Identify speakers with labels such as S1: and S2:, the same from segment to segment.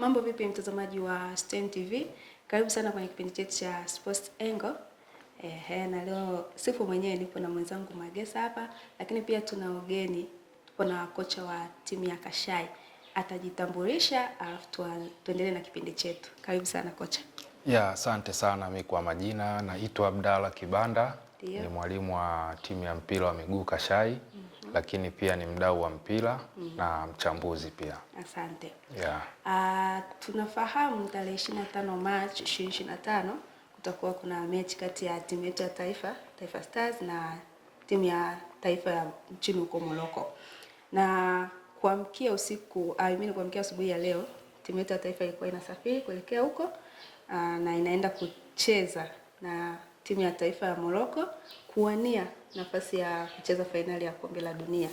S1: Mambo vipi, mtazamaji wa Stein TV, karibu sana kwenye kipindi chetu cha Sports Angle. Ehe, na leo sipo mwenyewe, nipo na mwenzangu Magesa hapa, lakini pia tuna ugeni, tuko na kocha wa timu ya Kashai atajitambulisha, alafu tuendelee na kipindi chetu. Karibu sana kocha.
S2: Ya, asante sana. Mi kwa majina naitwa Abdalla Kibanda, ni mwalimu wa timu ya mpira wa miguu Kashai lakini pia ni mdau wa mpira mm -hmm. na mchambuzi pia. Asante. Yeah.
S1: Uh, tunafahamu tarehe 25 Machi 2025 kutakuwa kuna mechi kati ya timu yetu ya taifa Taifa Stars na timu ya taifa ya nchini huko Moroko. Na kuamkia usiku ah, I mean kuamkia asubuhi ya leo timu yetu ya taifa ilikuwa inasafiri kuelekea huko uh, na inaenda kucheza na timu ya taifa ya Morocco kuwania nafasi ya kucheza fainali ya kombe la dunia.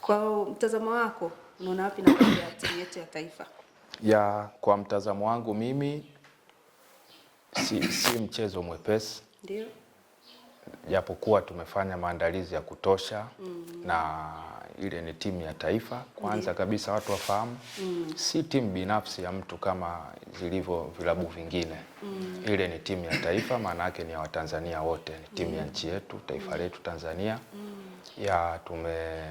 S1: Kwa mtazamo wako unaona wapi nafasi ya timu yetu ya taifa?
S2: Ya, kwa mtazamo wangu mimi si, si mchezo mwepesi. Ndio japokuwa tumefanya maandalizi ya kutosha mm na ile ni timu ya taifa kwanza kabisa watu wafahamu mm. si timu binafsi ya mtu kama zilivyo vilabu vingine mm. ile ni timu ya taifa, maana yake ni ya Watanzania wote, ni timu mm. ya nchi yetu, taifa mm. letu Tanzania mm. ya tume,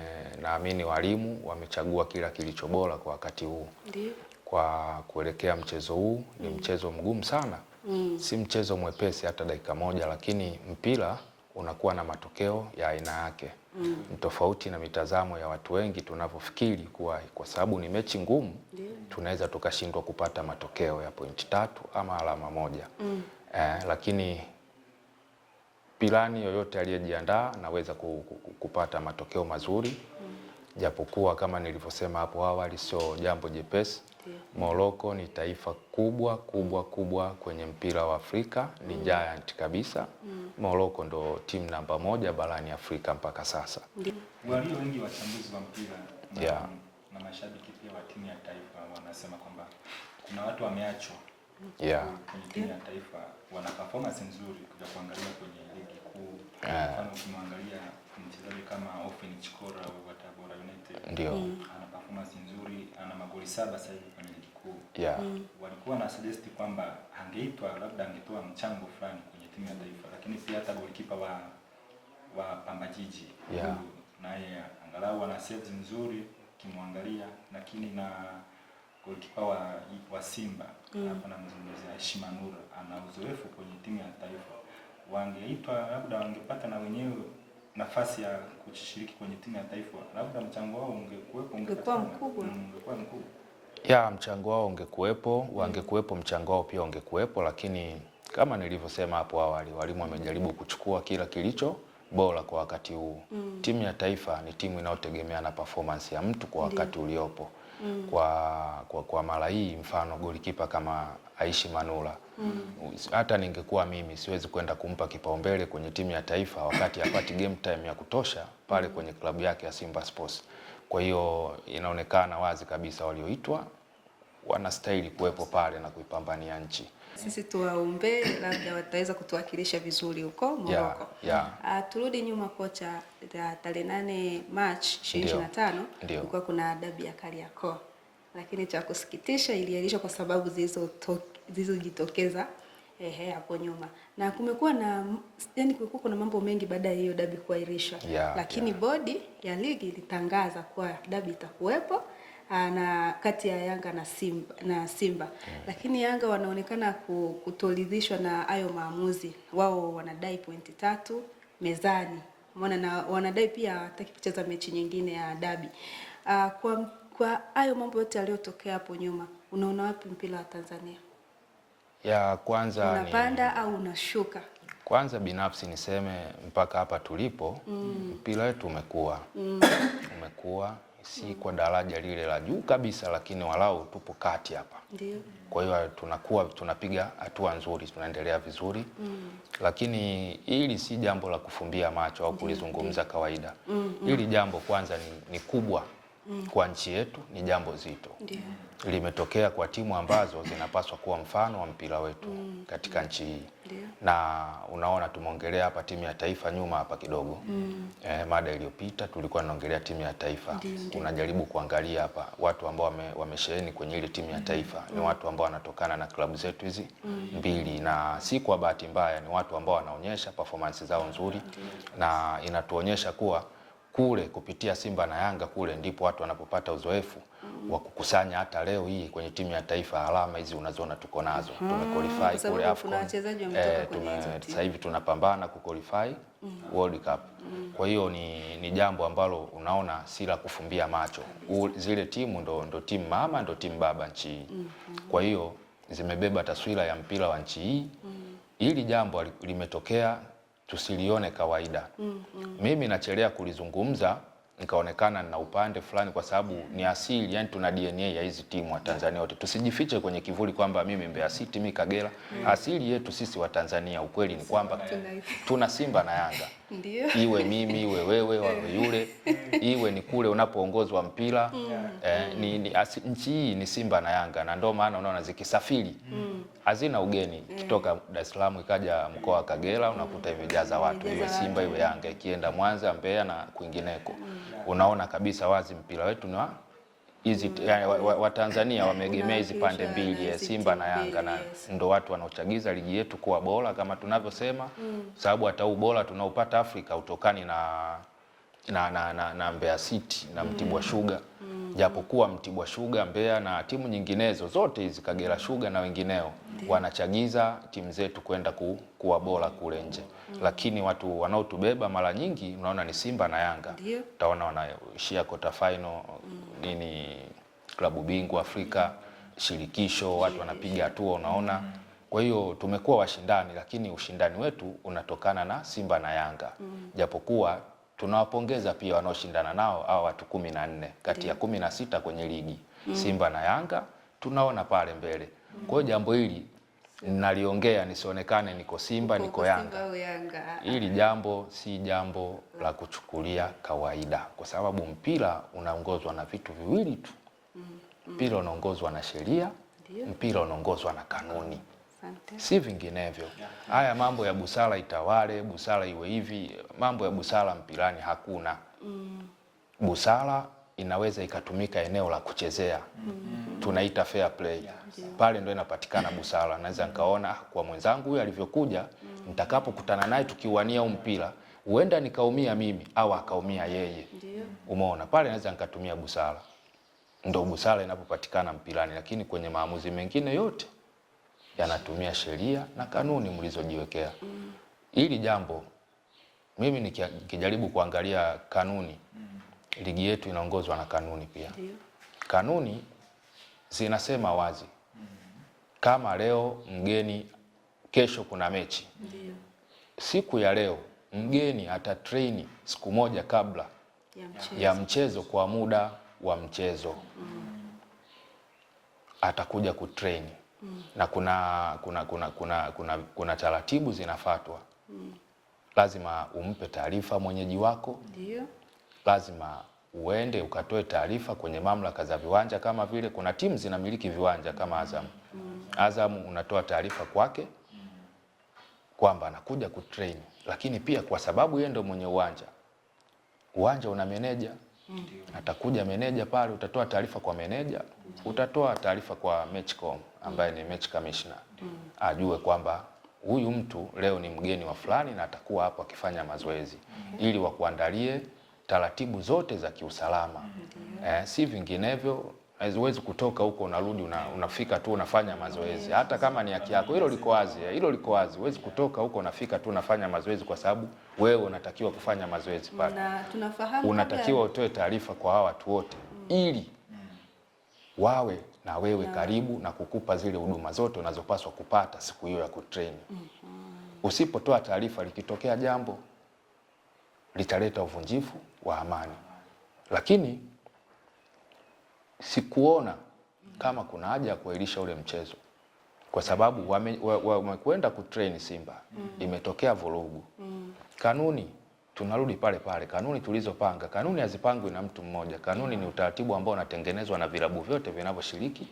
S2: naamini walimu wamechagua kila kilicho bora kwa wakati huu Ndi. kwa kuelekea mchezo huu, ni mm. mchezo mgumu sana mm. si mchezo mwepesi hata dakika moja, lakini mpira unakuwa na matokeo ya aina yake mm. Ni tofauti na mitazamo ya watu wengi tunavyofikiri kuwa kwa sababu ni mechi ngumu yeah. Tunaweza tukashindwa kupata matokeo ya pointi tatu ama alama moja mm. Eh, lakini pilani yoyote aliyejiandaa anaweza kupata matokeo mazuri mm. Japokuwa kama nilivyosema hapo awali sio jambo jepesi. Morocco ni taifa kubwa kubwa kubwa kwenye mpira wa Afrika, ni mm. giant kabisa mm. Morocco ndo timu namba moja barani Afrika mpaka sasa.
S3: Walio wengi wachambuzi wa mpira na, yeah. na mashabiki pia wa timu ya taifa wanasema kwamba kuna watu wameachwa yeah. kwenye timu ya taifa, wana performance nzuri kuja kuangalia kwenye ligi kuu yeah. kama ukimwangalia mchezaji kama Ofen Chikora wa Tabora United ndio mm magoli saba sasa hivi kwenye ligi kuu. Yeah. Mm. Walikuwa na suggest kwamba angeitwa labda angetoa mchango fulani kwenye timu ya taifa, lakini pia hata golikipa wa wa Pamba Jiji. Yeah. Naye angalau ana saves nzuri kimwangalia, lakini na golikipa wa, wa Simba mm. hapa namzungumzia Heshima Nur ana uzoefu kwenye timu ya taifa, wangeitwa labda wangepata na wenyewe nafasi ya kushiriki kwenye timu ya taifa, labda mchango wao ungekuwepo,
S1: ungekuwa mkubwa, mm,
S3: ungekuwa mkubwa.
S2: Ya mchango wao ungekuwepo, wangekuwepo, mchango wao pia ungekuwepo, lakini kama nilivyosema hapo awali, walimu wamejaribu kuchukua kila kilicho bora kwa wakati huu. Mm. Timu ya taifa ni timu inayotegemeana performance ya mtu kwa wakati uliopo mm. kwa, kwa, kwa mara hii mfano golikipa kama Aishi Manula mm. hata ningekuwa mimi siwezi kwenda kumpa kipaumbele kwenye timu ya taifa wakati apati game time ya kutosha pale mm. kwenye klabu yake ya Simba Sports. Kwa hiyo inaonekana wazi kabisa walioitwa wanastahili kuwepo pale na kuipambania nchi.
S1: Sisi tuwaombe labda wataweza kutuwakilisha vizuri huko Morocco. Yeah, yeah. Uh, turudi nyuma kocha, tarehe nane March 25 kulikuwa kuna dabi ya Kariakoo, lakini cha kusikitisha iliahirishwa kwa sababu zilizojitokeza ehe hapo nyuma, na kumekuwa na yani, kulikuwa kuna mambo mengi baada ya hiyo dabi kuahirishwa, yeah, lakini yeah. Bodi ya ligi ilitangaza kuwa dabi itakuwepo Ah, na kati ya Yanga na Simba, na Simba. Yeah. Lakini Yanga wanaonekana kutoridhishwa na hayo maamuzi. Wao wanadai pointi tatu mezani. Umeona, na wanadai pia hawataki kucheza mechi nyingine ya dabi. Uh, kwa kwa hayo mambo yote yaliyotokea hapo nyuma, unaona wapi mpira wa Tanzania?
S2: Ya kwanza
S1: unapanda ni... au unashuka?
S2: Kwanza binafsi niseme mpaka hapa tulipo, mm. mpira wetu umekuwa mm. umekuwa si kwa daraja lile la juu kabisa, lakini walau tupo kati hapa. Kwa hiyo tunakuwa tunapiga hatua nzuri, tunaendelea vizuri mm. Lakini hili si jambo la kufumbia macho au kulizungumza kawaida mm, mm Hili jambo kwanza ni, ni kubwa mm. Kwa nchi yetu ni jambo zito Ndiyo limetokea kwa timu ambazo zinapaswa kuwa mfano wa mpira wetu mm. mm. katika nchi hii na unaona tumeongelea hapa timu ya taifa nyuma hapa kidogo mm. eh, mada iliyopita tulikuwa tunaongelea timu ya taifa Dindi. unajaribu kuangalia hapa watu ambao wamesheheni kwenye ile timu ya mm. taifa mm. ni watu ambao wanatokana na klabu zetu hizi mm. mbili, na si kwa bahati mbaya, ni watu ambao wanaonyesha performance zao nzuri na inatuonyesha kuwa kule kupitia Simba na Yanga kule ndipo watu wanapopata uzoefu wa kukusanya hata leo hii kwenye timu ya taifa alama hizi unazoona tuko nazo mm -hmm. tumequalify kule AFCON
S1: eh, tume sasa hivi
S2: tunapambana kuqualify mm -hmm. World Cup mm -hmm. Kwa hiyo ni, ni jambo ambalo unaona si la kufumbia macho U, zile timu ndo, ndo timu mama ndo timu baba nchi mm -hmm. Kwa hiyo zimebeba taswira ya mpira wa nchi hii mm Hili jambo limetokea tusilione kawaida mm Mimi nachelea kulizungumza nikaonekana na upande fulani, kwa sababu ni asili, yani tuna DNA ya hizi timu wa Tanzania wote. Tusijifiche kwenye kivuli kwamba mimi Mbeya City, mimi Kagera. Mm. Asili yetu sisi wa Tanzania ukweli ni kwamba tuna Simba na Yanga. Iwe mimi iwe wewe wawe eh. yule iwe ni kule unapoongozwa mpira mm. Eh, ni, ni, as, nchi hii ni Simba na Yanga na ndio maana unaona zikisafiri mm. hazina mm. ugeni mm. Eh. kitoka Dar es Salaam ikaja mkoa wa Kagera mm. unakuta imejaza watu iwe Simba iwe Yanga ikienda Mwanza, Mbeya na kwingineko mm. unaona kabisa wazi mpira wetu ni wa hizi mm. Watanzania wameegemea hizi pande mbili ya Simba na Yanga, na ndo watu wanaochagiza ligi yetu kuwa bora kama tunavyosema, mm. sababu hata huu bora tunaopata Afrika utokani na na, na, na, na Mbeya City na mm. Mtibwa Sugar japokuwa Mtibwa Sugar, Mbeya na timu nyinginezo zote hizi Kagera Sugar na wengineo wanachagiza timu zetu kwenda ku, kuwa bora kule nje, lakini watu wanaotubeba mara nyingi unaona ni Simba na Yanga, utaona wanaishia kota final nini klabu bingwa Afrika shirikisho, watu wanapiga hatua, unaona. Kwa hiyo tumekuwa washindani, lakini ushindani wetu unatokana na Simba na Yanga japokuwa tunawapongeza pia wanaoshindana nao hao watu kumi na nne kati ya kumi na sita kwenye ligi mm. Simba na Yanga tunaona pale mbele. Kwa hiyo jambo hili naliongea nisionekane niko Simba niko Yanga. Hili jambo si jambo la kuchukulia kawaida, kwa sababu mpira unaongozwa na vitu viwili tu. Mm-hmm. Mpira unaongozwa na sheria, mpira unaongozwa na kanuni, si vinginevyo. Haya mambo ya busara itawale, busara iwe hivi, mambo ya busara mpirani hakuna mm. busara inaweza ikatumika eneo la kuchezea mm. tunaita fair play yes. Pale ndo inapatikana busara. Naweza nikaona kwa mwenzangu huyu alivyokuja nitakapokutana naye tukiwania huu mpira huenda nikaumia mimi au akaumia yeye Ndiyo. Umeona pale naweza nikatumia busara, ndo busara inapopatikana mpirani, lakini kwenye maamuzi mengine yote yanatumia sheria na kanuni mlizojiwekea mm. Hili jambo mimi nikijaribu kuangalia kanuni mm ligi yetu inaongozwa na kanuni pia. Ndiyo. Kanuni zinasema wazi kama leo mgeni, kesho kuna mechi. Ndiyo. Siku ya leo mgeni train siku moja kabla ya mchezo, ya mchezo kwa muda wa mchezo mm. atakuja kutrain mm. na kuna, kuna, kuna, kuna, kuna, kuna taratibu zinafatwa mm. lazima umpe taarifa mwenyeji wako Ndiyo lazima uende ukatoe taarifa kwenye mamlaka za viwanja, kama vile kuna timu zinamiliki viwanja kama Azam. Azam unatoa taarifa kwake kwamba anakuja kutrain, lakini pia kwa sababu yeye ndio mwenye uwanja, uwanja una meneja mm. Atakuja meneja pale, utatoa taarifa kwa meneja, utatoa taarifa kwa matchcom ambaye ni match commissioner mm. Ajue kwamba huyu mtu leo ni mgeni wa fulani na atakuwa hapo akifanya mazoezi ili wakuandalie taratibu zote za kiusalama mm -hmm. Eh, si vinginevyo huwezi kutoka huko unarudi una, unafika tu unafanya mazoezi hata kama ni haki yako, hilo liko wazi, eh, hilo liko wazi. Huwezi kutoka huko unafika tu unafanya mazoezi, kwa sababu wewe unatakiwa kufanya mazoezi pale, unatakiwa utoe taarifa kwa hawa watu wote mm. ili mm. wawe na wewe na karibu na kukupa zile huduma zote unazopaswa kupata siku hiyo ya kutrain. Mm-hmm. Usipotoa taarifa, likitokea jambo litaleta uvunjifu wa amani, lakini sikuona kama kuna haja ya kuahirisha ule mchezo kwa sababu wamekwenda wame kutrain Simba mm. Imetokea vurugu mm. Kanuni tunarudi pale pale, kanuni tulizopanga. Kanuni hazipangwi na mtu mmoja, kanuni ni utaratibu ambao unatengenezwa na vilabu vyote vinavyoshiriki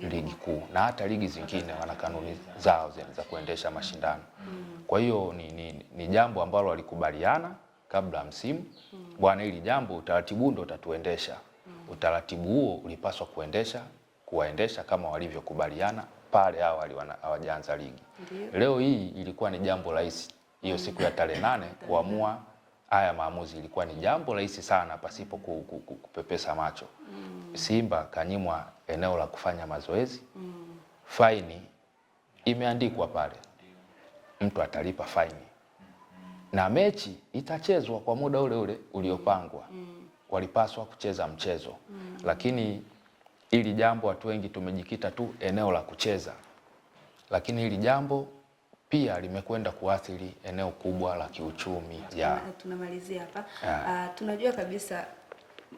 S2: ligi kuu na hata ligi zingine wana kanuni zao za kuendesha mashindano. Mm. Kwa hiyo ni, ni, ni jambo ambalo walikubaliana kabla ya msimu mm. Bwana, hili jambo utaratibu ndio utatuendesha mm. Utaratibu huo ulipaswa kuendesha kuwaendesha kama walivyokubaliana pale awali hawajaanza ligi Ndiyo. Leo hii ilikuwa ni jambo rahisi hiyo mm. siku ya tarehe nane kuamua haya maamuzi ilikuwa ni jambo rahisi sana pasipo ku, ku, ku, kupepesa macho mm. Simba kanyimwa eneo la kufanya mazoezi mm. Faini imeandikwa pale, mtu atalipa faini na mechi itachezwa kwa muda ule ule uliopangwa. mm. Walipaswa kucheza mchezo mm. Lakini hili jambo watu wengi tumejikita tu eneo la kucheza, lakini hili jambo pia limekwenda kuathiri eneo kubwa la kiuchumi.
S1: Tunamalizia hapa. Uh, tunajua kabisa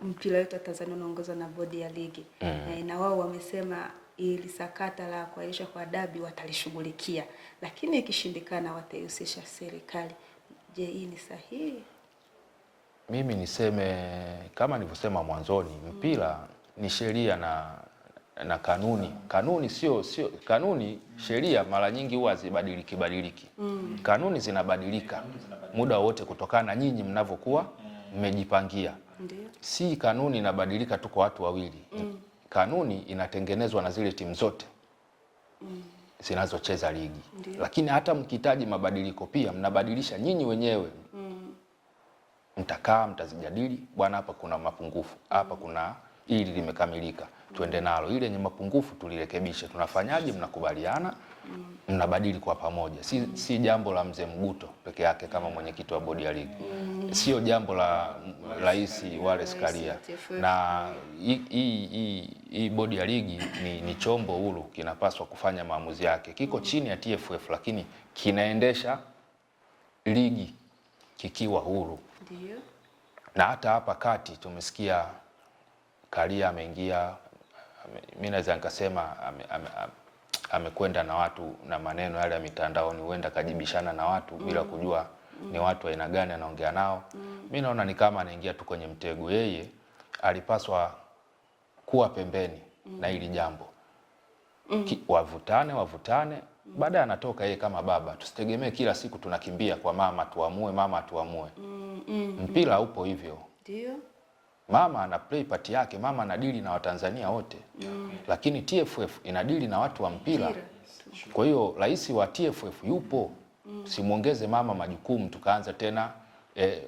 S1: mpira wetu wa Tanzania unaongozwa na bodi ya ligi mm. Eh, na wao wamesema ili sakata la kuairishwa kwa dabi watalishughulikia, lakini ikishindikana wataihusisha serikali. Je, hii ni sahihi?
S2: Mimi niseme kama nilivyosema mwanzoni, mm. mpira mm. ni sheria na, na kanuni. Kanuni sio sio kanuni, sheria mara nyingi huwa hazibadiliki badiliki mm. kanuni zinabadilika muda wote kutokana na nyinyi mnavyokuwa mm. mmejipangia. Si kanuni inabadilika tu kwa watu wawili mm. kanuni inatengenezwa na zile timu zote mm zinazocheza ligi Ndiyo. Lakini hata mkihitaji mabadiliko pia mnabadilisha nyinyi wenyewe mm. Mtakaa mtazijadili, bwana, hapa kuna mapungufu hapa mm. kuna ili limekamilika, tuende nalo, ile yenye mapungufu tulirekebishe, tunafanyaje? Mnakubaliana mm. mnabadili kwa pamoja si, mm. si jambo la mzee Mguto peke yake kama mwenyekiti wa bodi ya ligi mm. sio jambo la rais wale Karia, na hii bodi ya ligi ni, ni chombo huru kinapaswa kufanya maamuzi yake, kiko mm. chini ya TFF lakini kinaendesha ligi kikiwa huru. Ndiyo. Na hata hapa kati tumesikia Karia ameingia, mimi naweza nikasema ame, ame, ame, amekwenda na watu na maneno yale ya mitandaoni, huenda kajibishana na watu bila mm. kujua mm. ni watu aina gani anaongea nao. Mm. Mi naona ni kama anaingia tu kwenye mtego. Yeye alipaswa kuwa pembeni na hili jambo Ki, wavutane wavutane, baadaye anatoka yeye kama baba. Tusitegemee kila siku tunakimbia kwa mama tuamue, mama tuamue. Mpira upo hivyo, ndio mama ana play part yake, mama anadili na Watanzania wote mm. Lakini TFF inadili na watu wa mpira, kwa hiyo rais wa TFF yupo mm. Simwongeze mama majukumu tukaanza tena eh,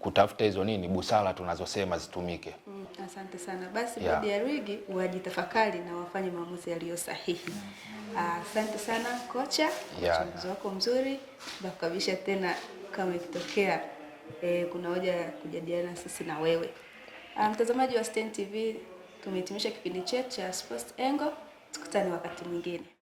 S2: kutafuta hizo nini busara tunazosema zitumike. mm.
S1: Asante sana basi, yeah. Bodi ya ligi wajitafakari na wafanye maamuzi yaliyo sahihi. Asante sana kocha, yeah. wako mzuri, nakukabisha tena kama ikitokea e, kuna hoja ya kujadiliana sisi na wewe. Ah, mtazamaji um, wa Stein TV tumehitimisha kipindi chetu cha Sports Angle. Tukutane wakati mwingine.